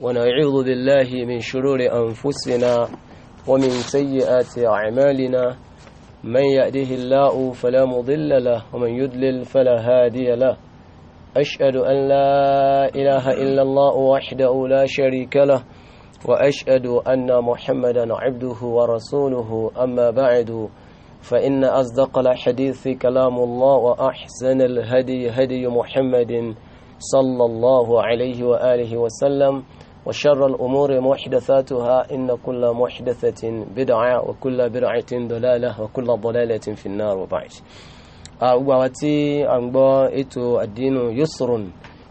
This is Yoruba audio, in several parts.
ونعوذ بالله من شرور أنفسنا ومن سيئات أعمالنا من يأده الله فلا مضل له ومن يدلل فلا هادي له أشهد أن لا إله إلا الله وحده لا شريك له وأشهد أن محمدا عبده ورسوله أما بعد فإن أصدق الحديث كلام الله وأحسن الهدي هدي محمد صلى الله عليه وآله وسلم وشر الأمور محدثاتها إن كل محدثة بدعة وكل بدعة ضلالة وكل ضلالة في النار وبعد أعواتي أنبا إتو الدين يسر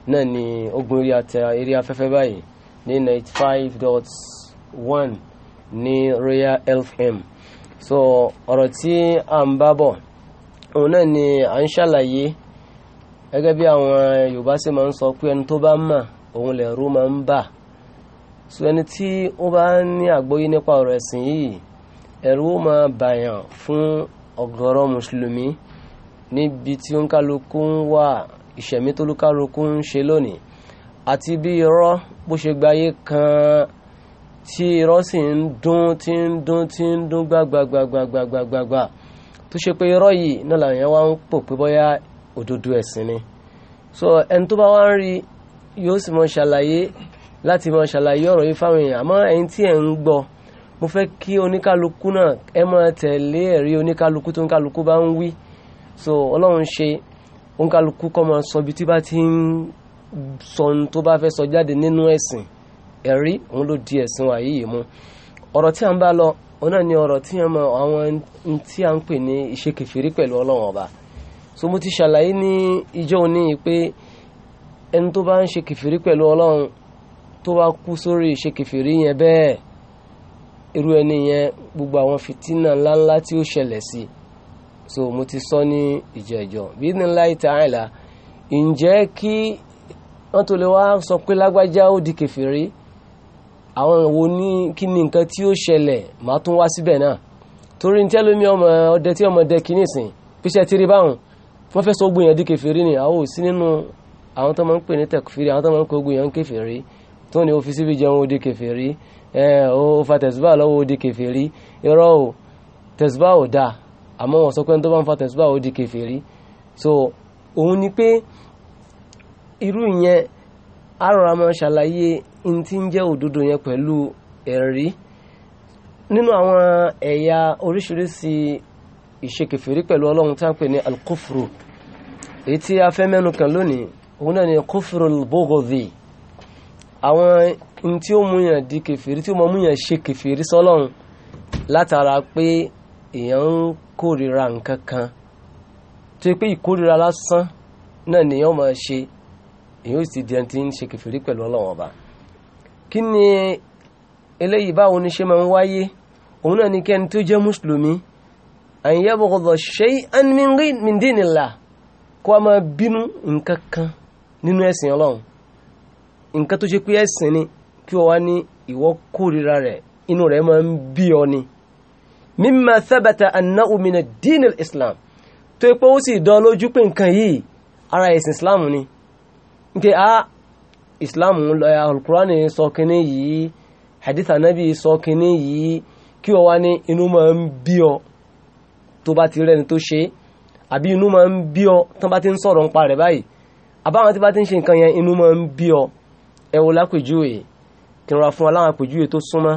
ناني أقمريات إريا ففباي ní 95.1 ní Royal FM so ọ̀rọ̀ tí a ń إن شاء الله يي. ni à ń ṣàlàyé gẹ́gẹ́ bí àwọn Yorùbá روما máa ń so ẹni tí ó bá ní àgbọ́yé nípa ọ̀rọ̀ ẹ̀sìn yìí ẹ̀rù ó máa bàyàn fún ọ̀gọ̀rọ̀ mùsùlùmí níbi tí ó ń kálukú ń wà ìṣẹ̀mí tó lúkálukú ń ṣe lónìí àti bí irọ́ bó ṣe gbayé kan tí irọ́ sì ń dún tí ń dún tí ń dún gbàgbàgbàgbàgbàgbà tó ṣe pé irọ́ yìí náà làwọn èèyàn wá ń pò pé bóyá òdodo ẹ̀sìn ni so ẹni tó bá wá ń rí yóò sì mọ ṣàlàyé láti máa ṣàlàyé ọ̀rọ̀ yìí fáwọn èèyàn àmọ́ ẹ̀yin tí ẹ̀ ń gbọ́ mo fẹ́ kí oníkálukú náà ẹ máa tẹ̀lé ẹ̀rí oníkálukú tó oníkálukú bá ń wí so ọlọ́run ṣe oníkálukú kọ́ máa sọ ibi tí bá ti ń sọ ohun tó bá fẹ́ sọ jáde nínú ẹ̀sìn ẹ̀rí òun ló di ẹ̀sìn wa yìí mú ọ̀rọ̀ tí a ń bá lọ òun náà ni ọ̀rọ̀ tí a mọ àwọn tí a ń pè ní ìṣe kèfèrí pẹ̀lú ọlọ́run ọba so mo ti ṣàlàyé ní ìjọ́ òní pé ẹni tó bá ń ṣe kèfèrí pẹ̀lú ọlọ́run tó wá kú sórí ìṣekèfèrí yẹn bẹ́ẹ̀ irú ẹni yẹn gbogbo àwọn fìtínà ńláńlá tí ó ṣẹlẹ̀ sí so mo ti sọ ní ìjẹ́jọ́ bíi ní láì tààlà ǹjẹ́ kí wọ́n tó lè wá sọ pé lágbájá ó di kèfèrí àwọn wo ní kí ni nǹkan tí ó ṣẹlẹ̀ màá tún wá síbẹ̀ náà torí ní tẹ́lómi ọmọ ọdẹ tí ọmọ ọdẹ kìíní sìn píṣẹ́ tiri báwọn wọ́n fẹ́ sọ gbìyànjú kèfèrí ni àwọn ò sí nínú àwọn tó máa ń pè ní tẹ̀kùfìrí àwọn tó máa ń pè ogun yẹn ń kèfèrí tó ní o fi síbi jẹun ó di kèfèrí ẹ o fa tẹ̀síbà lọ́wọ́ ó di kèfèrí irọ́ o tẹ̀síbà ò dáa àmọ́ wọn sọ pé tó bá ń fa tẹ̀síbà ó di kèfèrí so òun ni pé irú yẹn àròrà máa ṣàlàyé n ń jẹ́ òdodo yẹn pẹ̀lú ẹ̀rí nínú àwọn ẹ̀yà oríṣiríṣi ìṣekèfèrí pẹ̀lú ọlọ́run tí a ń pè ní alkufru èyí tí a fẹ́ mẹ́nu kàn lónìí òun náà ni kufru al àwọn ohun tí ó múyàn di kẹfìrí tí ó mọ múyàn ṣe kẹfìrí sọ́lọ́run látara pé èèyàn ń kórira nǹkan kan tó yẹ pé ìkórira lásán náà nìyẹn máa ṣe èèyàn ó sì di ẹni tí ń ṣe kẹfìrí pẹ̀lú Ọlọ́run ọba kí ni eléyìí báwo ni ṣe máa ń wáyé òun náà ni kẹ́ni tó jẹ́ mùsùlùmí àyìnyẹ́ bọ̀gọ̀dọ̀ shay'an min dinillah kó a máa bínú nǹkan kan nínú ẹ̀sìn Ọlọ́run nǹkan tó ṣe pé ẹ̀sìn ni kí wọ́n wá ní ìwọ kórìíra rẹ̀ inú rẹ̀ máa ń bí ọ ni mimma thabata annahu min ad-din islam tó yẹ pé ó sì dán lójú pé nǹkan yìí ara ẹ̀sìn islam ni nke a islam lọ́ya alukurani sọ kínní yìí hadith anabi sọ kínní yìí kí wọ́n wá ní inú máa ń bí ọ tó bá ti rẹ́ni tó ṣe àbí inú máa ń bí ọ tó bá ti ń sọ̀rọ̀ ń pa rẹ̀ báyìí àbáwọn tí bá ti ń ṣe nǹkan yẹn inú máa ń bí ọ ẹ̀wò lápèjúwe kí n ra fún wa láwọn àpèjúwe tó súnmọ́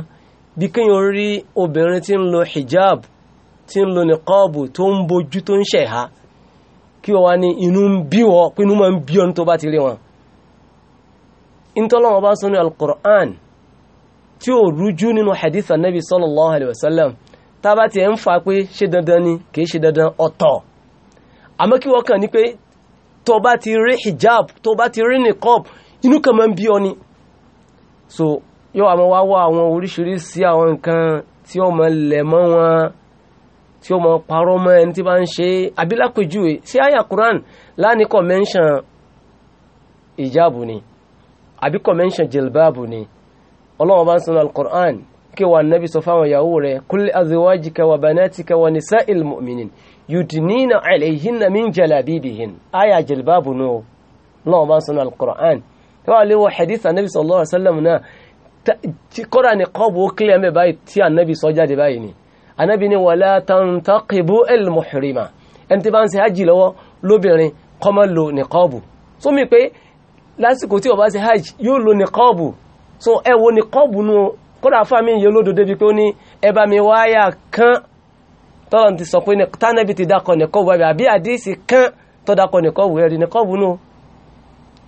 bí kéèyàn rí obìnrin tí ń lo hijab tí ń lo niqab tó ń bojú tó ń ṣẹ̀ha kí wọ́n wá ní inú ń bí wọ́ pé inú máa ń bí ọ́n tó bá ti rí wọn. ìtọ́lọ́wọ́n bá sọ ní al-Qur'an tí ó rújú nínú hadith anabi sallallahu alayhi wa sallam tá a bá tiẹ̀ ń fa pé ṣé dandan ni kì í ṣe dandan ọ̀tọ̀ àmọ́ kí wọ́n kàn ní pé tó bá ti rí hijab tó bá ti rí niqab inú kan máa ń bí ọ ni so yóò àmọ́ wá wá àwọn oríṣiríṣi àwọn nǹkan tí ó máa lẹ̀ mọ́ wọn tí ó máa parọ́ mọ́ ẹni tí bá ń ṣe abilápèjúwe sí àyà Quran láàní convention ìjáàbù ni àbí convention jilbaabu ni ọlọ́wọ́n bá ń sọ̀rọ̀ al-Quran kí wà nábì sọ fáwọn ìyàwó rẹ̀ kul azwajika wa banatika wa nisa'il mu'minin yudnina alayhinna min jalabibihin àyà jilbaabu ni ó bá ń sọ̀rọ̀ al-Quran tẹ́wà lè wọ hadith anabi sallallahu alaihi wasallam náà tí kọ́ra ní kọ́ọ̀bù ó kílẹ̀ mẹ́ báyìí tí anabi sọ jáde báyìí ni anabi ni wala tantaqibu al-muhrima ẹni tí bá ń ṣe hajj lọ́wọ́ lóbìnrin kọ́mọ́ lo ní kọ́ọ̀bù tó mi pé lásìkò tí ó bá ṣe hajj yóò lo ní kọ́ọ̀bù so ẹ wo ní kọ́ọ̀bù nu kọ́ra afá mi yẹ lódodo bíi pé ó ní ẹ bá mi wáyà kán tọ́lọ̀ ti sọ pé tánàbì ti dákọ̀ ní kọ́ọ̀bù àbí àdìsí kán tọ́dákọ̀ ní kọ́ọ̀bù ẹ̀rí ní kọ́ọ̀bù náà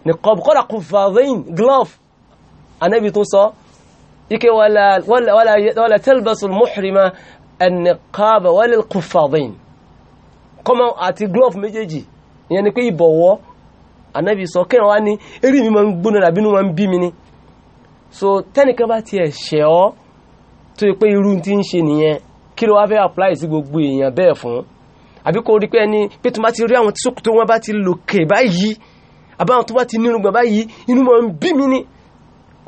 niqab kọ́dà kùfàdín glove anábì tún sọ ike wala talbasul muhrima an-niqaba wal kùfàdín kọ́mọ àti glove méjèèjì ìyẹn ni pé ìbọ̀wọ́ anábì sọ kẹ́hìn wá ní eré mi máa ń gbóná rà bínú máa mi ni so tẹ́nìkan bá ti ẹ̀ṣẹ̀ ọ́ tó yẹ pé irú ti ń ṣe nìyẹn kí ló wá fẹ́ apply sí gbogbo èèyàn bẹ́ẹ̀ fún àbí kò rí pé ẹni pé tó bá ti rí àwọn tí sòkòtò wọn bá ti lòkè báyìí àbáwọn tó bá ti nínú gbàbá yìí inú mọ̀ ń bí mi ní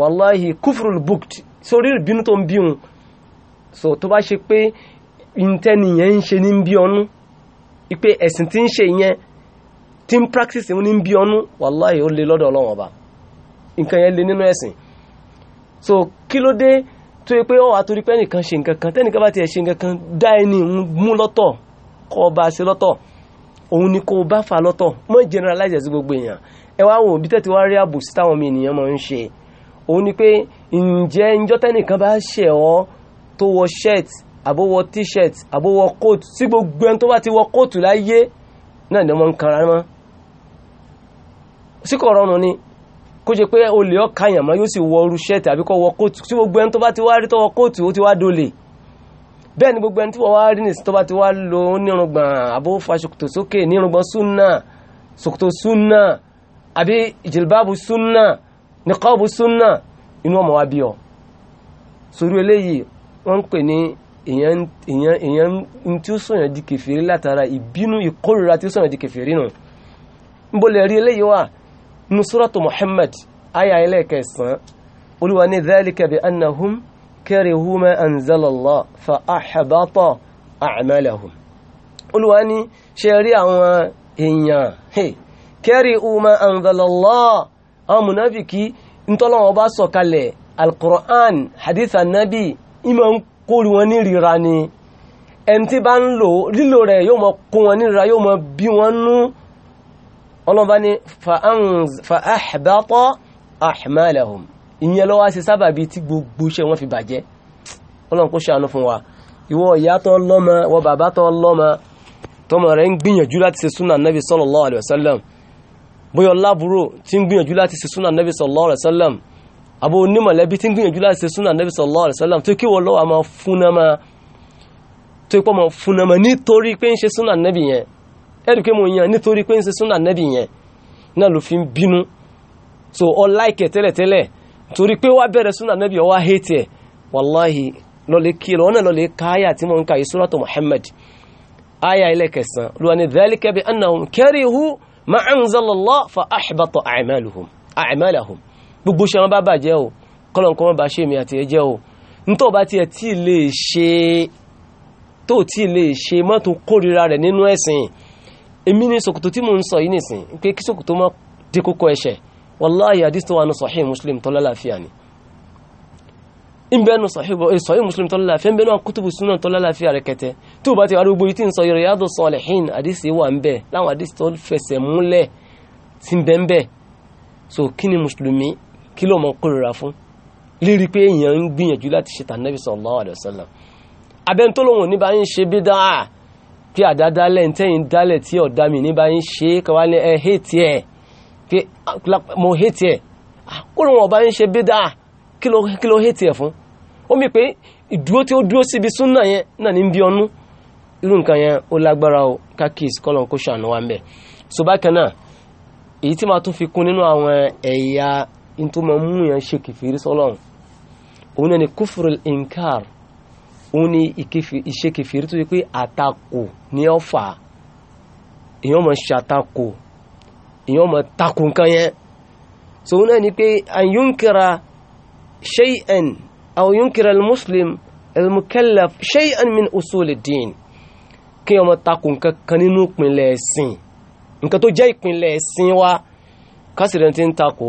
wàláhì kúfùrù bukt sórí ìbínú tó ń bí wọn so tó bá ṣe pé ìtẹ́niyàn ń ṣe ní bí ọnú ipe ẹ̀sìn tí ń ṣe yẹn tí ń practice ní bí ọnú wàláhì ó lè lọ́dọ̀ ọlọ́wọ̀n ọba nǹkan yẹn lè nínú ẹ̀sìn so kí ló dé tó yẹ pé ó wà torí pé ẹnìkan ṣe nǹkan kan tẹ́nìkan bá tiẹ̀ ṣe nǹkan kan dá ẹni mú lọ́tọ̀ kọ́ ọba ṣe lọ́tọ̀ òun ni kò bá fà lọ́tọ̀ mọ́ generalize sí gbogbo èèyàn ẹ wá wò bí tẹ́tí wá rí àbòsí táwọn ọmọ ènìyàn máa ń ṣe òun ni pé ǹjẹ́ ǹjọ́ tẹ́nìkan bá ṣẹ̀ ọ́ tó wọ shirt àbówọ t-shirt àbówọ coat tí gbogbo ẹni tó bá ti wọ coat láyé náà ni wọ́n ń kanra mọ́ sí kò rọrùn ni kó jẹ pé olè ọ̀ka àyàmọ́ yóò sì wọ ọrù shirt àbíkọ́ wọ coat tí gbogbo ẹni tó bá ti wá rí tọwọ́ coat ó ti wá dolè bẹ́ẹ̀ ni gbogbo ẹni tí wọ́n wá rí nìsí tó bá ti wá lo onírùngbọ̀n àbó fa ṣòkòtò sókè nírùngbọ̀n súnà ṣòkòtò súnà àbí ìjìlbáàbù súnà nìkọ́ọ̀bù súnà inú ọmọ wa bí ọ sórí eléyìí wọ́n ń pè ní èèyàn tí ó sọ̀yàn di kèfèrí látara ìbínú ìkórìíra tí ó sọ̀yàn di kèfèrí nù níbo lè rí eléyìí wà nínú suratu Muhammad aya ẹlẹ́ẹ̀kẹsàn-án olúwa ní karihu ma anzalallah fa ahbata a'malahum olùwà ní ṣe rí àwọn èèyàn karihu ma anzalallah àwọn mùnáfìkì ntọ́lọ́wọ́ bá sọ̀kalẹ̀ alqur'an hadith anabi ìmọ̀ ń kórì wọn ní ríra ni ẹni tí bá ń lò lílò rẹ̀ yóò mọ kó wọn ní ríra yóò mọ bí wọn nú ọlọ́ba ní fa ahbata a'malahum ìyẹn lọ́wọ́ ṣe sábàbí tí gbogbo iṣẹ́ wọn fi bàjẹ́ ọlọ́run kó ṣàánú fún wa ìwọ ìyá tó ń lọ́mọ ìwọ bàbá tó ń lọ́mọ tọmọ rẹ̀ ń gbìyànjú láti ṣe súnà nẹ́bí sallallahu alaihi wasallam bóyá lábúrò tí ń gbìyànjú láti ṣe súnà nẹ́bí sallallahu alaihi wasallam àbò onímọ̀lẹ́bí tí ń gbìyànjú láti ṣe súnà nẹ́bí sallallahu alaihi wasallam tó kí wọ́n lọ́wọ́ máa fúnná máa tó ipọ́ máa fúnná máa nítorí pé ń ṣe súnà nẹ́bí yẹn ẹ̀rù kí mo nítorí pé ń ṣe súnà nẹ́bí yẹn náà ló fi ń bínú so ọ láìkẹ̀ tẹ́lẹ̀tẹ́lẹ̀ torí pé wá bẹ̀rẹ̀ súnà nẹ́bí ọwá hẹ́tì ẹ̀ wàláhì lọ́lẹ̀ kí lọ́wọ́ náà lọ́lẹ̀ ká àyà tí wọ́n ń ka yìí suratu Muhammad àyà ilẹ̀ kẹsàn-án ló wà ní dhalika bi annahum karihu ma anzala Allah fa ahbata a'maluhum a'malahum gbogbo ṣe wọn bá bàjẹ́ o kọ́lọ̀ nǹkan wọn bá ṣe mi àti ẹ o nítorí bá tiẹ̀ tí lè ṣe tó tí lè ṣe mọ́tò kórira rẹ̀ nínú ẹ̀sìn èmi ní sòkòtò tí mò ń sọ yìí nìsín pé kí sòkòtò má dé kókó ẹ̀ṣẹ̀ wàláyé àdísítọ́ wa ní sọ̀hí muslim tọ́lá láàfíà ni ìbẹ́nu sọ̀hí eh, muslim tọ́lá láàfíà ìbẹ́nu àkútùbù súnà tọ́lá láàfíà rẹ̀ kẹtẹ tí ó bá ti arúgbó yìí tí ń sọ Riyadus Salihin àdísí wà ń bẹ láwọn àdísí tó fẹsẹ̀ múlẹ̀ sí ń bẹ ń bẹ so kí ni mùsùlùmí kí ló mọ kórira fún lérí pé èèyàn ń gbìyànjú láti ṣe tànàbí sallallahu alaihi wasallam abẹ́ntólóhùn ní bá ń ṣe bí dáa kí àdádálẹ̀ ń tẹ́yìn dálẹ̀ tí ọ̀dá mi ní bá ń ṣe kọ́wálé ẹ̀ hẹ́ẹ̀tì ẹ̀ pé ah, mo hétí ẹ̀ ah, kúrò wọn bá ń ṣe bídà kí ló hétí ẹ̀ fún ó pé ìdúró tí ó dúró síbi súnà yẹn náà ní bí ọnú o kákìs kọ́lọ̀ kó ṣàánú wa ń so bákan náà èyí tí ma tún fi kún nínú àwọn ẹ̀yà tó mú yẹn ṣe kìfìrí òun náà ni kúfùrù inkar òun ni ìṣe kìfìrí tó yẹ pé àtakò ìyọ́n mọ̀ takò nǹkan yẹn so náà ni pé an yunkira shay'an aw yunkira al-muslim al-mukallaf shay'an min usul ad-din kí ọmọ takò nǹkan kan nínú ìpínlẹ̀ ẹ̀sìn nǹkan tó jẹ́ ìpínlẹ̀ ẹ̀sìn wa kásìrẹ́ ti ń takò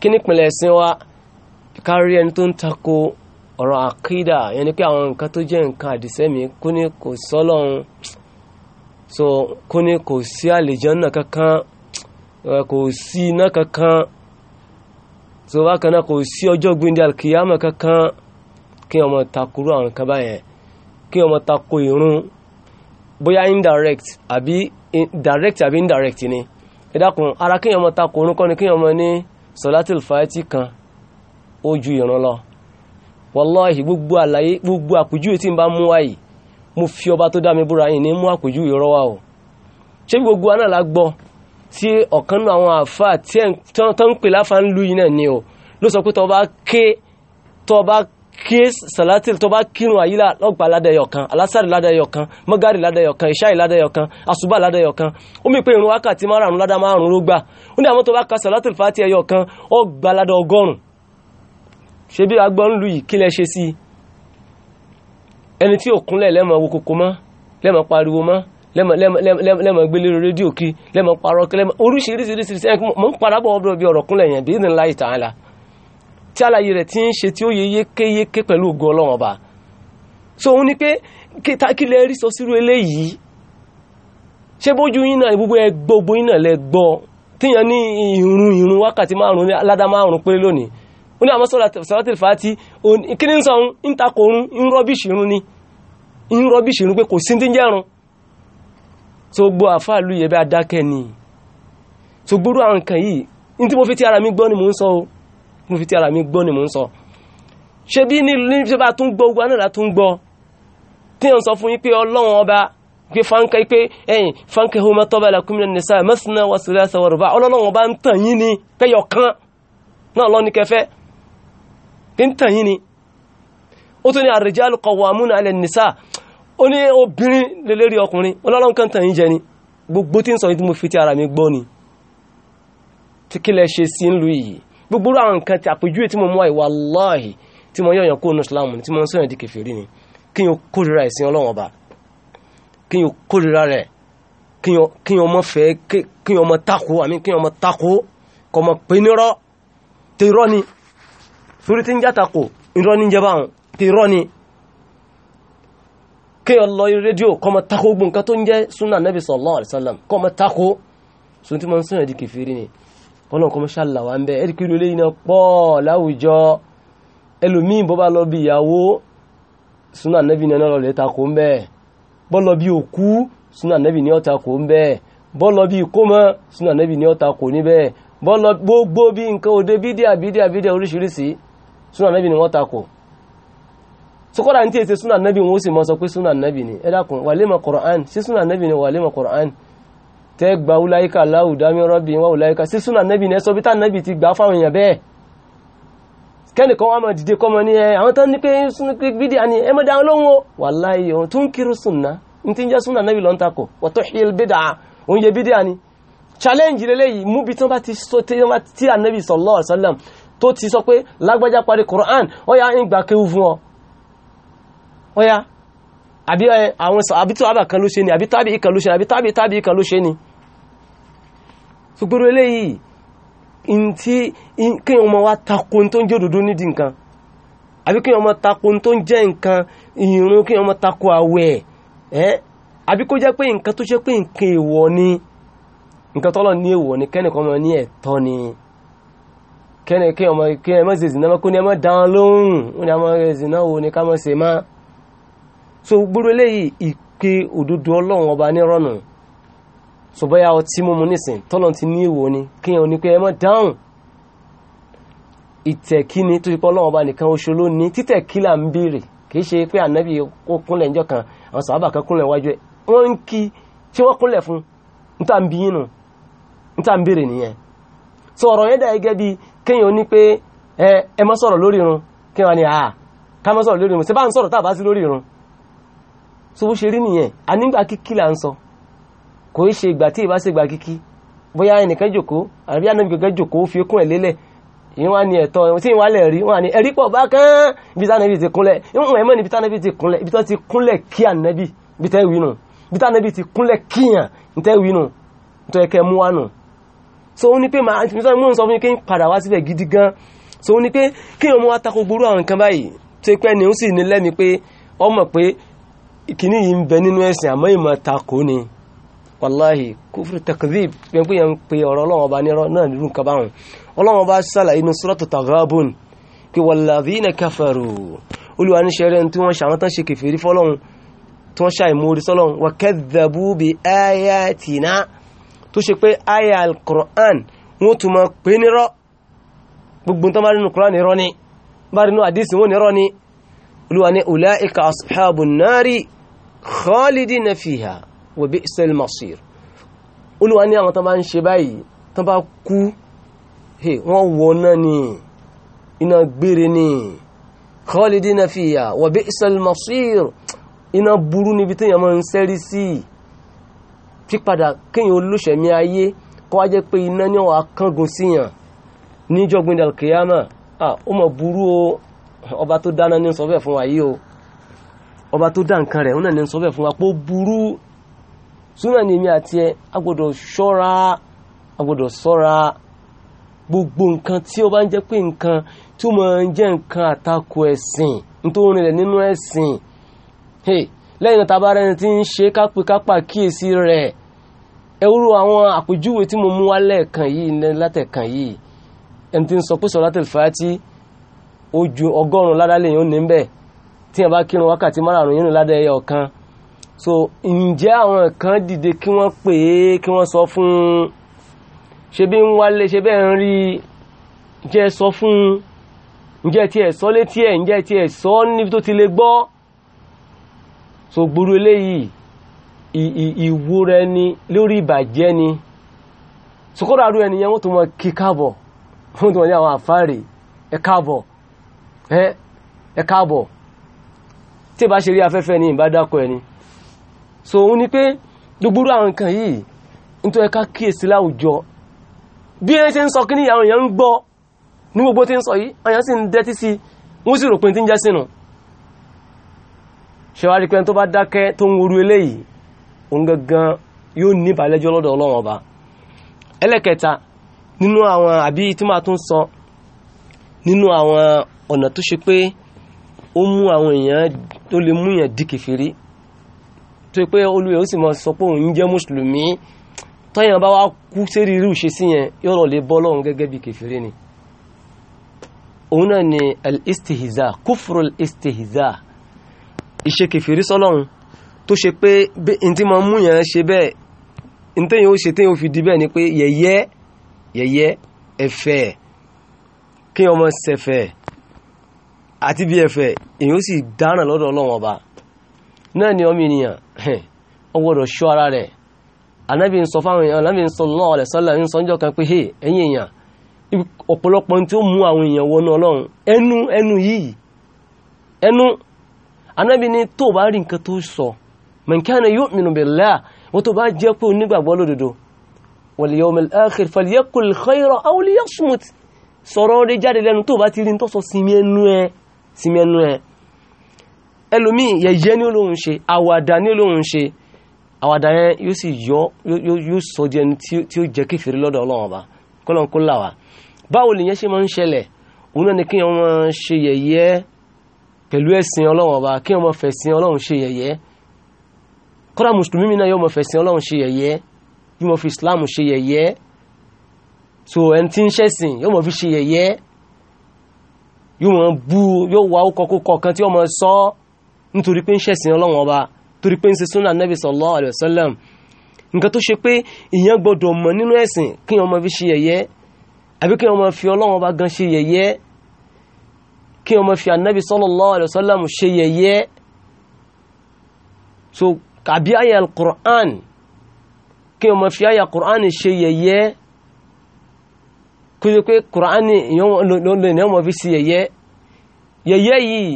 kí ní ìpínlẹ̀ ẹ̀sìn wa kárí ẹni tó ń takò ọ̀rọ̀ àkídà yẹn ni pé àwọn nǹkan tó jẹ́ nǹkan àdìsẹ́mi kó ní kò sọ́lọ́run so kó ní kò sí àlèjọ́ náà kankan kò sí iná kankan tó bá kan kò sí ọjọ́ gbíndé alkiyama kankan kí ọmọ takuru àwọn kan báyẹn kí ọmọ tako ìrun bóyá indirect àbí direct àbí indirect ni ìdákun ara kí ọmọ tako ìrun kọ́ ni kí ọmọ ní sọlátìl fàájì kan ó ju ìrun lọ wàláhì gbogbo àlàyé gbogbo àpèjúwe tí n bá mú wáyìí mo fi ọba tó dá mi búra yìí ní mú àpèjúwe rọwà o ṣé gbogbo aná la gbọ́ tí ọ̀kan nínú àwọn àfáà tí tó ń pè láfa ń lu yìí náà ni o ló sọ pé tó bá ké tó bá ké sàlátì tó bá kírun àyílà lọ́gbà ládàyọ̀ kan alásàrì ládàyọ̀ kan mọ́gàrì ládàyọ̀ kan ìṣáì ládàyọ̀ kan àṣùbà ládàyọ̀ kan ó mi pé irun wákàtí márùn-ún ládà márùn-ún ló gbà ó ní àwọn tó ka sàlátì fàtí ẹyọ ó gbà ládà ọgọ́rùn ṣe bí agbọ́n lu yìí kí lẹ ṣe sí ẹni tí òkun lẹ́mọ̀ wo kòkó mọ́ lẹ́mọ̀ pariwo mọ́ lẹ́mọ̀ gbélé rédíò kí lẹ́mọ̀ parọ́ kí lẹ́mọ̀ oríṣiríṣiríṣiríṣi ẹ̀ mọ̀ ń padà bọ̀ ọ̀bọ̀rọ̀ bí ọ̀rọ̀ kúnlẹ̀ yẹn bí ìdìnnà láì tàn án la tí àlàyé rẹ̀ ti ń ṣe tí ó yẹ yékéyéké pẹ̀lú ògo ọlọ́wọ́n ọba so òun ni pé kí lẹ rí sọ sírú eléyìí ṣé bójú yín náà gbogbo ẹ gbogbo yín náà lẹ gbọ́ tíyan ní ìrun ìrun wákàtí márùn ládá márùn péré lónìí ó ní àmọ́ tó gbọ́ àfáàlú yẹ bí adákẹ́ ni tó gbórú àwọn nǹkan yìí ní tí mo fi ti ara mi gbọ́ ni mò ń sọ o mo fi ti ara mi gbọ́ ni mò ń sọ ṣe bí ní ṣe bá tún gbọ́ ogun anáàlá tún gbọ́ tí yẹn sọ fún yín pé ọlọ́run ọba pé fáńkà pé ẹ̀yìn fáńkà homa tọ́ba lakum minan nisa masna wa thulatha wa ruba ọlọ́run ọba ń tàn yín ni kẹyọ kan náà lọ ní kẹfẹ́ ń tàn yín ni ó tún ní ar-rijalu qawwamuna 'ala an-nisa ó ní obìnrin lélẹ́rí ọkùnrin ọlọ́run kan tàn yín jẹ ni gbogbo tí ń sọ ní tí mo fi ti ara mi gbọ́ ni tí kí lẹ ṣe sí ń lu yìí gbogbo àwọn nǹkan tí àpèjúwe tí mo mú àìwà wallahi tí mo yọ̀yàn kúrò ní Islam tí mo ń sọ̀yàn di kèfèrí ni kí n kórira ẹ̀sìn ọlọ́run ọba kí n kórira rẹ̀ kí n ọmọ fẹ́ kí n ọmọ tako àmì kí n ọmọ tako kọ́ mọ̀ pé nírọ́ tèrọ́ ni torí ń játakò nírọ́ ní kí ọ lọ rédíò kọ́ ma tako gbogbo nǹkan tó ń jẹ́ súnà nẹ́bí sallallahu alaihi wasallam kọ́ ma tako sun tí ma ń súnà di kẹfìrí ni ọlọ́run kọ́ ma ṣàlà wà ń bẹ́ ẹ̀rí kiri olóyìn náà pọ̀ láwùjọ ẹlòmíì bọ́ bá lọ bí ìyàwó súnà nẹ́bí ni ọlọ́run lè tako ń bẹ́ẹ̀ bọ́ lọ bí òkú súnà nẹ́bí ni ó tako ń bẹ́ẹ̀ bọ́ lọ bí ìkómọ súnà nẹ́bí ni ó tako níbẹ̀ gbogbo bí nǹkan òde bídíà bídíà bídíà oríṣiríṣi súnà nẹ́bí ni wọ́n tako sọkọ́dà ní tí suna nabi nẹ́bì wọ́n sì mọ́ sọ pé súnà nẹ́bì ni ẹ́dàkùn wà lè mọ̀ kọ̀rọ̀án sí súnà nẹ́bì ni wà lè mọ̀ kọ̀rọ̀án tẹ́ gba wúláyíká láwùdámí wa wọ́n wúláyíká sí súnà nẹ́bì ni ẹsọ bí tá nẹ́bì ti gbà fáwọn èèyàn bẹ́ẹ̀ kẹ́nìkan wà mọ̀ dìde kọ́mọ ní ẹ àwọn tán ní pé bídí àní ẹ mọ̀ dáhùn lóhùn wàláyé òun tún kiri súnà ní tí ń jẹ́ súnà nẹ́bì lọ́n takò wọ́tọ́ hil bídà òun yẹ bídí àní challenge lélẹ́yìí mú bí tí wọ́n bá ti sọ tí ànẹ́bì sallallahu alaihi wasallam tó ti sọ pé lágbájá parí Qur'an o yà ń gbà fún ọ ọya àbí àwọn àbí tí wàbà kan ló ṣe ni àbí tábì ìkan ló ṣe ni àbí tábì tábì ìkan ló ṣe ni ṣùgbọ́n eléyìí tí kí ọmọ wa tako tó ń jẹ́ òdòdó nídìí nǹkan àbí kí ọmọ tó ń jẹ́ nǹkan ìrún kí ọmọ àwẹ̀ ẹ́ àbí kó jẹ́ pé nǹkan tó ṣe pé nǹkan èèwọ̀ ni nǹkan tọ́lọ̀ ní èèwọ̀ ni kẹ́nìkan ọmọ ni kẹ́nìkan ọmọ kí ẹ má ṣe zìnà kó ní ẹ má dáhùn lóhùn ó ní ẹ má ni ká má ṣe so gbúrú eléyìí ìpè òdodo ọlọ́run ọba ní rọ́nù so bóyá mú mímu nísìn tọ́lọ̀ ti ní ìwò ni kéèyàn ní pé dáhùn ìtẹ̀kíni tó ti pọ́ nìkan oṣù lónìí títẹ̀kí là ń ṣe pé ànábì kó kúnlẹ̀ kan àwọn kan kúnlẹ̀ wájú ẹ̀ wọ́n ń kí tí wọ́n kúnlẹ̀ fún ń bí ń nìyẹn ọ̀rọ̀ yẹn dà gẹ́gẹ́ bí ní pé ẹ ẹ mọ́ sọ̀rọ̀ lórí irun ní à ká mọ́ sọ̀rọ̀ lórí irun ṣe bá ń sọ̀rọ̀ tá a bá sí lórí irun so bó ṣe rí nìyẹn a nígbà kíkí là ń sọ kò í ṣe ìgbà tí ìbá ṣe ìgbà kíkí bóyá ẹnìkan jòkóó àbí ànábì jòkóó fi kún ẹ̀ lélẹ̀ ìyẹn wá ní ẹ̀tọ́ tí ìwà lẹ̀ rí wọn ni ẹ̀rí pọ̀ bá kán ibi tí ànábì ti kúnlẹ̀ ìwọ̀n ẹ̀mọ́ ni ibi tí ànábì ti kúnlẹ̀ ibi tó ti kúnlẹ̀ kí ànábì ibi tẹ́ wí nù ibi tí ànábì ti kúnlẹ̀ kíyàn ní tẹ́ wí nù so ó ní pé màá ti sọ kí n padà wá síbẹ̀ gidi gan so ó ní pé kí ọmọ wa tako gbóró ni ó sì ní kíní yìí ń bẹ nínú ẹ̀sìn àmọ́ ìmọ̀ takò ni wàláhì kúfúrú takdhib pé pé yẹn ń pe ọ̀rọ̀ ọlọ́wọ́n ọba nírọ̀ náà nínú kabáhùn ọlọ́wọ́n ọba sàlàyé inú suratu Taghabun pé walladhina kafaru olùwàníṣẹ́rẹ́ tí wọ́n ṣàwọn tán ṣe kèfèrí fọ́lọ́hun tí wọ́n ṣàìmórí sọ́lọ́hun wa kadhabu bi ayatina tó ṣe pé aya al-Qur'an wọ́n tún máa pè nírọ́ gbogbo tó bá nínú Qur'an nírọ́ ni bá nínú àdísì wọn nírọ́ ni olùwàní ulaika ashabun nari khalidina fiha wa bi'sal masir olúwa ní àwọn tó bá ń ṣe báyìí tó bá kú wọ́n wọ náà ni iná gbére ni khalidina fiha wa bi'sal masir iná burú níbi tí èèyàn máa ń sẹ́rí sí pípadà kéèyàn olóṣèmí ayé kó wá jẹ́ pé iná ní ọ̀ akángun síyàn níjọ́gbìn dàlkìyàmà ó mọ̀ burú o ọba tó dáná ní sọ fún wa o ọba tó dá nǹkan rẹ̀ ọ̀nà ni sọ bẹ́ẹ̀ fún wa pé burú súnà ni èmi àti ẹ agbọ́dọ̀ ṣọ́ra agbọ́dọ̀ ṣọ́ra gbogbo nǹkan tí ó bá ń jẹ́ pé nǹkan tí ó máa ń jẹ́ nǹkan àtakò ẹ̀sìn nítorí rẹ̀ nínú ẹ̀sìn lẹ́yìn náà tábà rẹ̀ ti ń ṣe kápẹ́kápá kíyèsí rẹ̀ ẹ̀rú àwọn àpèjúwe tí mo mú wá lẹ́ẹ̀kan yìí látẹ̀kan yìí ẹni tí ń sọ pé sọ̀rọ̀ látẹ̀fẹ́ tí ó ọgọ́rùn-ún ládàá ó ní bẹ́ẹ̀ tí yẹn bá kírun wákàtí márùn-ún yínú ládà ẹyọ kan so ǹjẹ́ àwọn kan dìde kí wọ́n pè é kí wọ́n sọ fún un ṣe bí ń wálé ṣe bẹ́ẹ̀ ń rí jẹ́ sọ fún un ǹjẹ́ tiẹ̀ sọ létí ẹ̀ ǹjẹ́ tiẹ̀ sọ níbi tó ti lè gbọ́ so gbúrú eléyìí ìwúra ẹni lórí ìbàjẹ́ ni sọkọ́dọ̀ àrú ẹni yẹn wọ́n tó mọ kí káàbọ̀ wọ́n tó mọ ní àwọn àfáàrí ẹ káàbọ̀ ẹ káàbọ̀ tí bá ṣe rí afẹ́fẹ́ ní ìbá ẹni so òun ni pé gbogbo àwọn nǹkan yìí nítorí ká kíyèsí láwùjọ bí ẹ ṣe ń sọ kíní àwọn èèyàn ń gbọ́ ní gbogbo tí ń sọ yìí àwọn èèyàn sì ń dẹ́tí sí wọ́n sì rò pé tí ń jẹ́ sínú ṣèwádìí pé tó bá dákẹ́ tó pé ó mú àwọn èèyàn tó lè mú èèyàn di kèfèrí tó pé olùyẹ ó sì máa sọ pé òun jẹ́ mùsùlùmí tọ́yàn bá wá kú sérí irú ṣe sí yẹn yóò lè bọ́ lọ́hùn gẹ́gẹ́ bí kèfèrí ni òun náà ni al-istihza kufru al-istihza ìṣe kèfèrí sọ́lọ́hun tó ṣe pé n tí máa mú yẹn ṣe bẹ́ẹ̀ n téèyàn ó ṣe téèyàn ó fi di bẹ́ẹ̀ ni pé yẹ̀yẹ́ yẹ̀yẹ́ ẹ̀fẹ̀ kí ọmọ ṣẹ̀fẹ̀ àti bí ẹ̀fẹ̀ èyí ó sì dáràn lọ́dọ̀ ọlọ́wọ́n ọba náà ni ọmọ ènìyàn ó gbọ́dọ̀ ṣọ́ ara rẹ̀ anábì ń sọ fáwọn èèyàn anábì ń sọ lọ́wọ́ rẹ̀ sọ́lá ń sọ ń jọkan pé ẹ̀yìn èèyàn ọ̀pọ̀lọpọ̀ tí ó mú àwọn èèyàn wọnú ọlọ́run ẹnu ẹnu yìí ẹnu anábì ní tó bá rí nǹkan tó sọ man kana yu'minu billah wọ́n tó bá jẹ́ pé onígbàgbọ́ lódodo wal yawmil akhir falyaqul khayran aw liyasmut sọ̀rọ̀ rẹ̀ jáde lẹ́nu tó bá ti rí sí mẹ́nu ẹ̀ ẹlòmíì yẹ̀yẹ́ ní olóhùn ṣe àwàdà ní olóhùn ṣe àwàdà yẹn yóò sì yọ yóò sọ di ẹni tí ó jẹ́ kèfèrí lọ́dọ̀ ọlọ́run ọba kọ́lọ́n kó là wá báwo lèyẹn ṣe máa ń ṣẹlẹ̀ òun náà ni kí wọ́n máa ṣe yẹ̀yẹ́ pẹ̀lú ẹ̀sìn ọlọ́run ọba kí wọ́n máa fẹ̀sìn ọlọ́run ṣe yẹ̀yẹ́ kọ́dà mùsùlùmí náà yóò máa fẹ̀sìn ọlọ́run ṣe yẹ̀yẹ́ yóò máa fi islam ṣe yẹ̀yẹ́ so ẹni tí ń ṣẹ̀sìn yóò máa fi ṣe yẹ̀yẹ́ yóò mọ̀ bú yóò wá ó kọkókọ kan tí ó mọ̀ sọ nítorí pé ń ṣẹ̀sìn ọlọ́wọ́n ọba torí pé ń ṣe súnà nẹ́bí sallallahu alaihi wasallam nǹkan tó ṣe pé ìyẹn gbọ́dọ̀ mọ̀ nínú ẹ̀sìn kí ọmọ fi ṣe yẹ̀yẹ́ àbí kí ọmọ fi ọlọ́wọ́n ọba gan ṣe yẹ̀yẹ́ kí ọmọ fi ànẹ́bí sallallahu alaihi wasallam ṣe yẹ̀yẹ́ so àbí àyà al-Qur'an kí ọmọ fi àyà Qur'an ṣe yẹ̀yẹ́ kúrò pé kùránì lónìí ọmọ fi sí yẹyẹ yẹyẹ yìí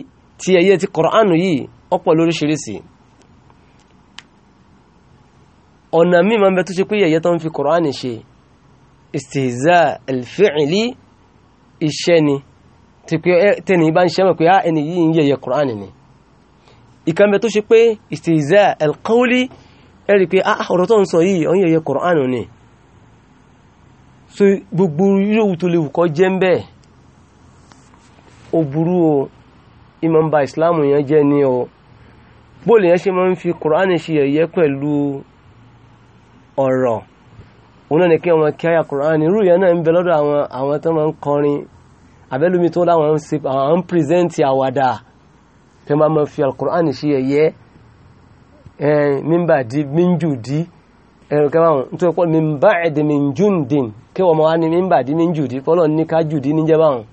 ti yẹyẹ ti kùránì yìí ọ̀pọ̀ lóríṣiríṣi ọ̀nà míì máa ń bẹ tó ṣe pé yẹyẹ tó ń fi kùránì ṣe istihza alfi'li iṣẹ́ e, ni tẹni bá ń ṣe mọ̀ pé á ẹni yìí ń yẹyẹ ni ìkan bẹ tó ṣe pé istihza alqawli ẹ̀rí pé á ọ̀rọ̀ tó ń sọ yìí ọ̀ ni so gbogbo yíòwù tó lè wù kọ́ ń bẹ́ẹ̀ ó burú o ìmọ̀nba ìsìláàmù yẹn jẹ́ ni o bóòlù yẹn ṣe máa ń fi kùránì ṣe ẹ̀yẹ pẹ̀lú ọ̀rọ̀ òun náà ni kí wọn kí àyà kùránì irú yẹn náà ń bẹ lọ́dọ̀ àwọn àwọn tó máa ń kọrin abẹ́lómi tó láwọn ń ṣe àwọn ń pírẹ́sẹ̀ntì àwàdà pé máa máa fi àkùránì ṣe ẹ̀yẹ mímbà dí míńjù dí ẹ̀rọ kẹwàá nítorí pé mímbà ẹ̀dẹ̀ míńjù dín kí wọ́n mọ̀ wá ní mímbà dí ní jùdí kọ́lọ̀ ní ká jùdí ní jẹ́ báwọn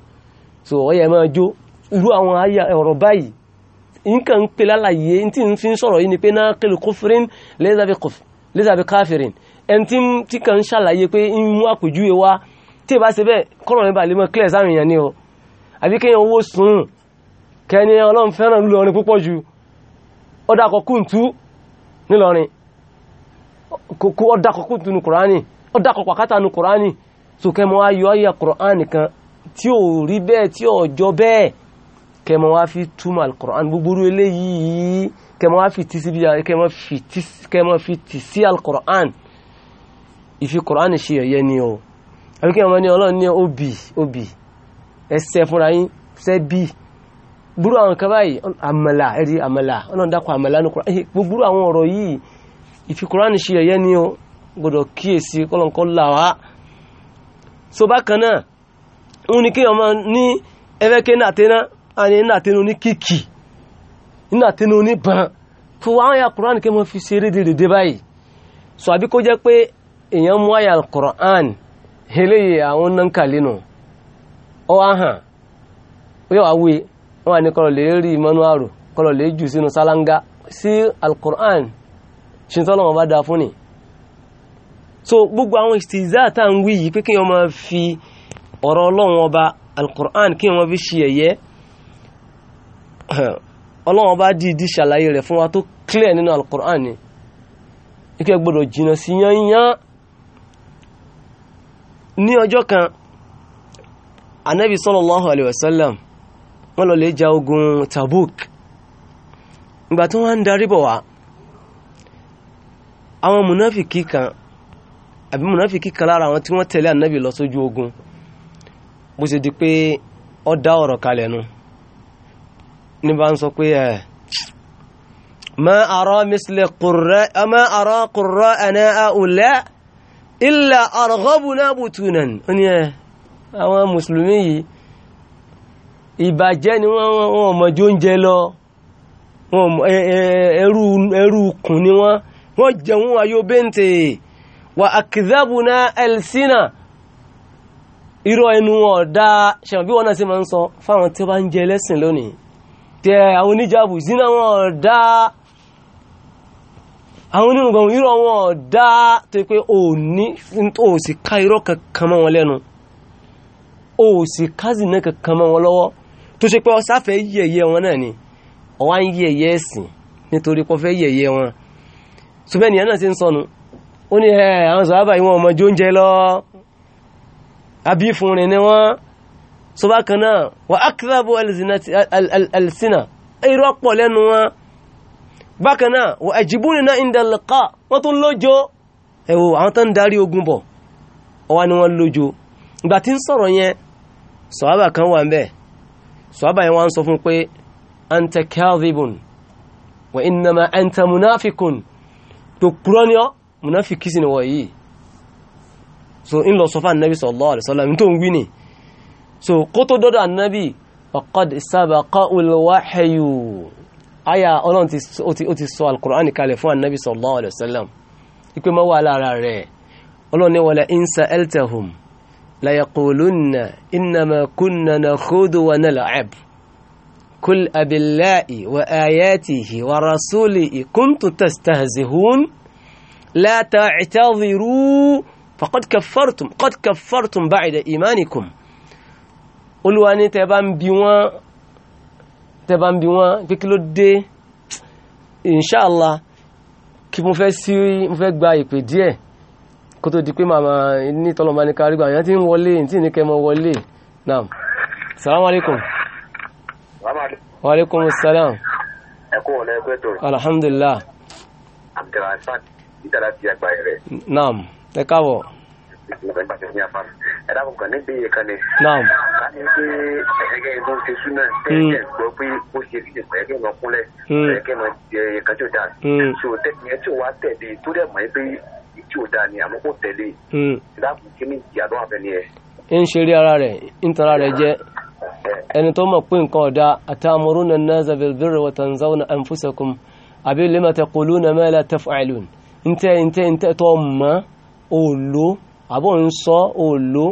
so ọ̀yẹ̀ máa jó irú àwọn àyà ọ̀rọ̀ báyìí nǹkan ń pe lálàyé tí ń fi ń sọ̀rọ̀ yìí ni pé náà kílù kófìrín lẹ́sàbí káfìrín ẹni tí kàn ń ṣàlàyé pé ń mú àpèjúwe wá tí ìbá ṣe bẹ́ẹ̀ kọ́lọ̀ nípa lè mọ́ kílẹ̀ sáwọn èèyàn ni o àbí kéèyàn owó sùn kẹni ọlọ́run fẹ́ràn lọ́rin púpọ̀ ju ọdà kọkùntù nílọrin ọdà kọkùntù ní kùránì ó dákọ̀ pàkátà nu kùránì sùkẹ́mọ́ wá yọ ayé kùránì kan tí ò rí bẹ́ẹ̀ tí ò jọ bẹ́ẹ̀ kẹmọ́ wá fi túmọ̀ alkùránì gbogbo eléyìí kẹmọ́ wá fi tìsí bí kẹmọ́ fi tìsí alkùránì ìfi kùránì ṣe ẹ̀yẹ ni o àbí kẹmọ́ ní ọlọ́run ní obì obì ẹsẹ̀ fúnra yín ṣẹ́ bíi burú àwọn kan báyìí àmàlà ẹ̀rí àmàlà ọlọ́run dákọ̀ àmàlà ní kùránì gbogbo àwọn ọ̀rọ̀ yìí ìfi kùránì ṣe ẹ̀yẹ ni o gbọ́dọ̀ kíyèsí kọ́lọ̀kọ́ là wá so bákan náà òun ni kí ọmọ ní ẹfẹ́kẹ́ nàtẹ́ná àni nàtẹ́nu ní kìkì nàtẹ́nu ní bàn fún wa àyà Qur'an kí wọ́n fi ṣe rédèrèdè báyìí so àbí kó jẹ́ pé èèyàn mú àyà Qur'an eléyìí àwọn nankàlẹ́ nù ọ wá hàn yóò wá wí wọn ni kọlọ̀ lè rí ìmọ̀nú àrò kọlọ̀ lè jù sínú sálángá sí Al-Qur'an ṣe tọ́lọ́wọ́n bá dáa fún ni so gbogbo àwọn ìsìtìzá tá ń wí yìí pé kí wọ́n máa fi ọ̀rọ̀ ọlọ́run ọba alkur'an kí wọ́n fi ṣe ẹ̀yẹ́ ọlọ́run ọba dìídì ṣàlàyé rẹ̀ fún wa tó clear nínú alkur'an ni ike gbọ́dọ̀ jìnnà sí yányán ní ọjọ́ kan anabi sallallahu alayhi wa sallam wọ́n lọ lè ja ogun tabuk ìgbà tí wọ́n ń darí bọ̀ wá àwọn munafiki kan àbí mùnàfíkì kan lára àwọn tí wọ́n tẹ̀lé ànábì lọ sójú ogun bó ṣe di pé ó dá ọ̀rọ̀ kalẹ̀ nu ní bá ń sọ pé ẹ̀ eh, ma ara misle qurra ma ara qurra ana aula illa arghabuna butunan ó ní ẹ̀ eh, àwọn mùsùlùmí yìí ìbàjẹ́ ni wọ́n mọ̀jọ́ ń jẹ lọ eh, ẹrú kùn ni wọ́n wọ́n jẹun ayóbẹ́ntèé wa akdhabuna alsina irọ́ ẹnu wọn dá ṣẹ̀wọ̀n bí náà sí ma ń sọ fáwọn tí ó bá ń jẹ lónìí tẹ àwọn oníjàbù zina wọn dá àwọn onírùngbọ̀n irọ́ wọn dá tó pé ò ní tó sì ká irọ́ kankan zina kankan wọn tó ṣe pé wọn náà ni ń ó ní ẹ àwọn sàábà yìí wọn ọmọ jó ń jẹ lọ àbí fúnrin ni wọ́n so bákan náà wà ákìlábò alìsínà irọ́ pọ̀ lẹ́nu wọn bákan náà wà ẹ̀jìbú nínú ìdàlẹ́kà wọ́n tún lójó ẹ̀wò àwọn tó ń darí ogun bọ̀ ọwá ni wọ́n lójó ìgbà tí ń sọ̀rọ̀ yẹn sàábà kan wà ń sàábà yẹn wá sọ fún pé anta kadhibun wa innama tó kúrọ́ ni ọ́ munafiki sì ni so in lọ sọ fún anabi sallallahu alaihi wasallam tó ń so kó tó dọ́dọ̀ anabi faqad sabaqa al-wahyu aya ọlọ́run ó ti sọ al-Qur'an kalẹ̀ fún anabi sallallahu alaihi wasallam ipe ma wà lára rẹ̀ ọlọ́run ni wala in sa'altahum la yaqulunna innama kunna nakhudu wa nal'ab kul abillahi wa ayatihi wa rasulihi kuntum tastahzihun لا تعتذروا فقد كفرتم قد كفرتم بعد إيمانكم Olúwa ní tẹ́ bá ń bi wọ́n tẹ́ bá ń bi wọ́n pé kí ló dé inṣáàlá kí mo fẹ́ sí mo fẹ́ gba ìpè díẹ̀ kó tó di pé màmá ní tọ́lọ́mà ní kárí gbà yẹn tí ń wọlé tí ní kẹ́ mọ́ wọlé naam salaam alaikum wa alaikum salaam alhamdulillah abdulrasaq ìdára ti àgbà rẹ̀. naam ẹ káàbọ̀. ẹ dákun kan níbi ìkan ni. naam. ká ní pé ẹ̀ẹ́dẹ́gẹ́ ìbọn ṣe súná hmm. tẹ́lẹ̀ gbọ́ pé ó ṣe fi ìpẹ́ ẹ̀ẹ́dẹ́ ìmọ̀ kúnlẹ̀ hmm. ẹ̀ẹ́dẹ́ ìmọ̀ ẹ̀ẹ́kan tí ó dáa. Hmm. so tẹ́kìyẹn tí ó wá tẹ̀lé tó dẹ̀ mọ̀ pé tí ó dáa ni àmọ́ kò tẹ̀lé. ẹ dákun kí ni ìyá tó ẹ. ń ṣeré ara rẹ̀ ń tan ara ẹni tó mọ̀ pé nǹkan ọ̀dá àtàmúrúnà náà zabilbirri wa tanzauna anfusakum àbí lima taquluna ma la taf'alun ntẹ́ ntẹ́ ntẹ́ tọ́ mọ́ òòlò àbọ̀ ń sọ òòlò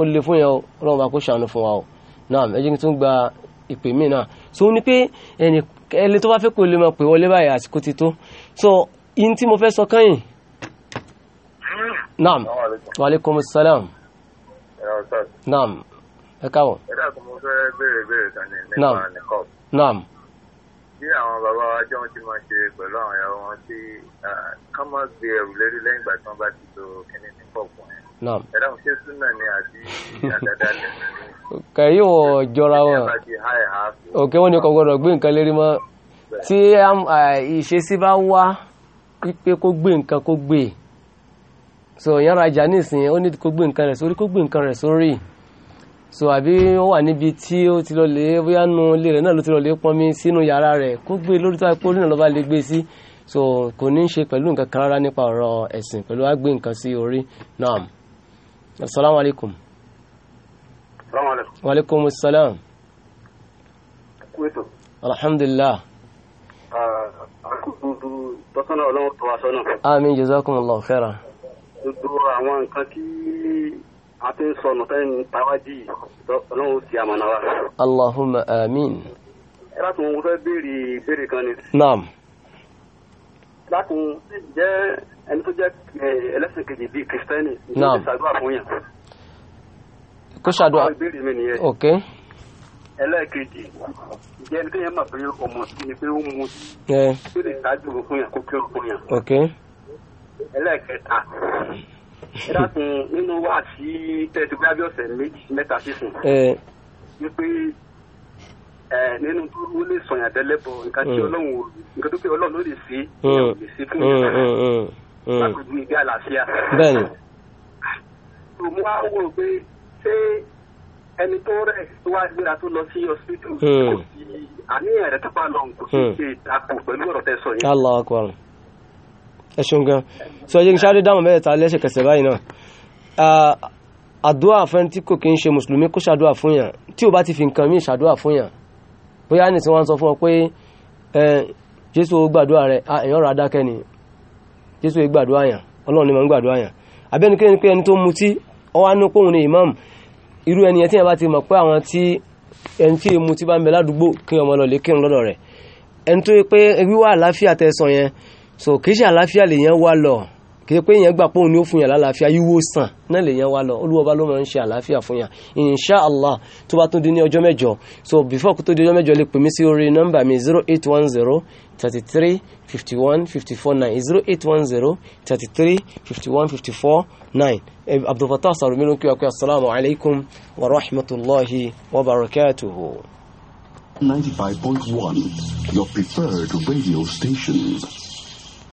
ó lè fún yẹn ọlọ́run bá kó ṣàánú fún wa o náà ẹ jẹ́ kí n tún gba ìpè mí náà so ní pé ẹni ẹni tó bá fẹ́ kó lè máa pè wọlé báyìí àsìkò ti tó so in tí mo fẹ́ sọ kẹ́yìn naam waaleykum salaam naam ẹ káwọ. ẹ dákun mo fẹ́ béèrè béèrè kan ní nípa nìkọ́ọ̀bù. naam bí àwọn bàbá wa jọ ti máa ṣe pẹ̀lú àwọn ìyàwó wọn tí kán má gbé ẹrù lérí lẹ́yìn ìgbà tí wọ́n bá ti lo kíní ní pọ̀pọ̀ yẹn. ẹ̀dá òun ṣe súnà ni àti àdáadáa lẹ̀. kẹ̀yìn wọn jọra wọn òkè wọn ni kò gbọdọ̀ gbé nǹkan lérí mọ́ tí um, ìṣesí bá wá pípé kó gbé nǹkan kó gbé so ìyára ajá nísìnyí ó ní kó gbé nǹkan rẹ̀ sórí kó gbé nǹkan rẹ̀ sórí so àbí ó wà níbi tí ó ti lọ lè bóyá nu ilé rẹ̀ náà ló ti lọ lè pọnmi sínú yàrá rẹ̀ kó gbé e lórí tó àpò orí náà lọ́ba lè gbé e sí so kò ní í ṣe pẹ̀lú nǹkan kan rárá nípa ọ̀rọ̀ ẹ̀sìn pẹ̀lú àgbé nǹkan sí orí naam asalaamu alaykum. wa aleykum salaam. alhamdulilah. àkókò tọ́kànnà ọlọ́run tó aṣọ náà. àmín jazakumullahu khairan. gbogbo àwọn nǹkan tí a ti ń sọnù tẹ́ ń tawájì ọlọ́run ó ti àmàna wa. Allahumma amin. ẹ láti wọn fẹ́ béèrè ìbéèrè kan ni. naam. lákùn jẹ́ ẹni tó jẹ́ ẹlẹ́sìn kejì bíi kìrìsìtẹ́nì. naam ní ìṣàdúrà fún yàn. kó ṣàdúrà àwọn ìbéèrè mi nìyẹn. ok. ẹlẹ́ẹ̀kejì jẹ́ ẹni tó yẹn mọ̀ pé ọmọ sí ni pé ó mu. ẹ. kí ni ìṣáájú fún yàn kó kí ó fún yàn. ok. ẹlẹ́ẹ̀kẹta ẹ dákun nínú wà sí tẹ́tí bóyá bí ọ̀sẹ̀ méjì mẹ́ta sísìn wípé nínú ó lè sọ̀yàn tẹ́lẹ̀bọ̀ nǹkan tí mm. ọlọ́run nǹkan tó pé ọlọ́run ló lè ṣe é mm. lè ṣe fún yàrá mm, lákòókò ìgbé àlàáfíà. bẹ́ẹ̀ni. o wá wò pé ṣé ẹni tó rẹ̀ tó wá gbéra tó lọ sí hospital kò sí àníyàn rẹ̀ tó bá lọ kò sí ṣe àpò pẹ̀lú ọ̀rọ̀ tẹ́ sọ yẹn ẹ̀ṣùn gan so ẹjẹ́ kí sáré dáhùn mẹ́rẹ̀ta lẹ́sẹ̀kẹsẹ̀ báyìí náà àdúrà fún tí kò kí ń ṣe mùsùlùmí kó ṣàdúrà fún yàn tí ò bá ti fi nǹkan míì ṣàdúrà fún yàn bóyá ní tí wọ́n sọ fún ọ pé jésù ó gbàdúrà rẹ èèyàn rà dákẹ́ ni jésù ó gbàdúrà yàn ọlọ́run ni mo ń gbàdúrà yàn abẹ́nikẹ́ni pé ẹni tó mutí ọwọ́ anú pòun ni imam irú ẹni yẹn tí yẹn bá ti mọ̀ pé àwọn tí ẹni tí mutí bá ń bẹ ládùúgbò kí ọmọ lọ lè kírun lọ́dọ̀ rẹ̀ ẹni tó yẹ pé wíwá àlàáfíà tẹ̀sán yẹn so kì í ṣe àlàáfíà lèyàn wá lọ kì í pé èyàn gbà pé òun ni ó fún yàn lálàáfíà ìwòsàn náà lèyàn wá lọ Olúwa Ọba ló máa ń ṣe àlàáfíà fún yàn insha allah tó bá tún di ní ọjọ́ mẹ́jọ so before kó tó di ọjọ́ mẹ́jọ lè pè mí sí orí nọ́mbà mi zero eight one zero thirty three fifty one fifty four nine zero eight one zero thirty three fifty one fifty four nine abdulfatah sarumi ló ń kí wa pé asalaamu alaykum wa rahmatulahi wa barakatuhu. 95.1, your preferred radio station.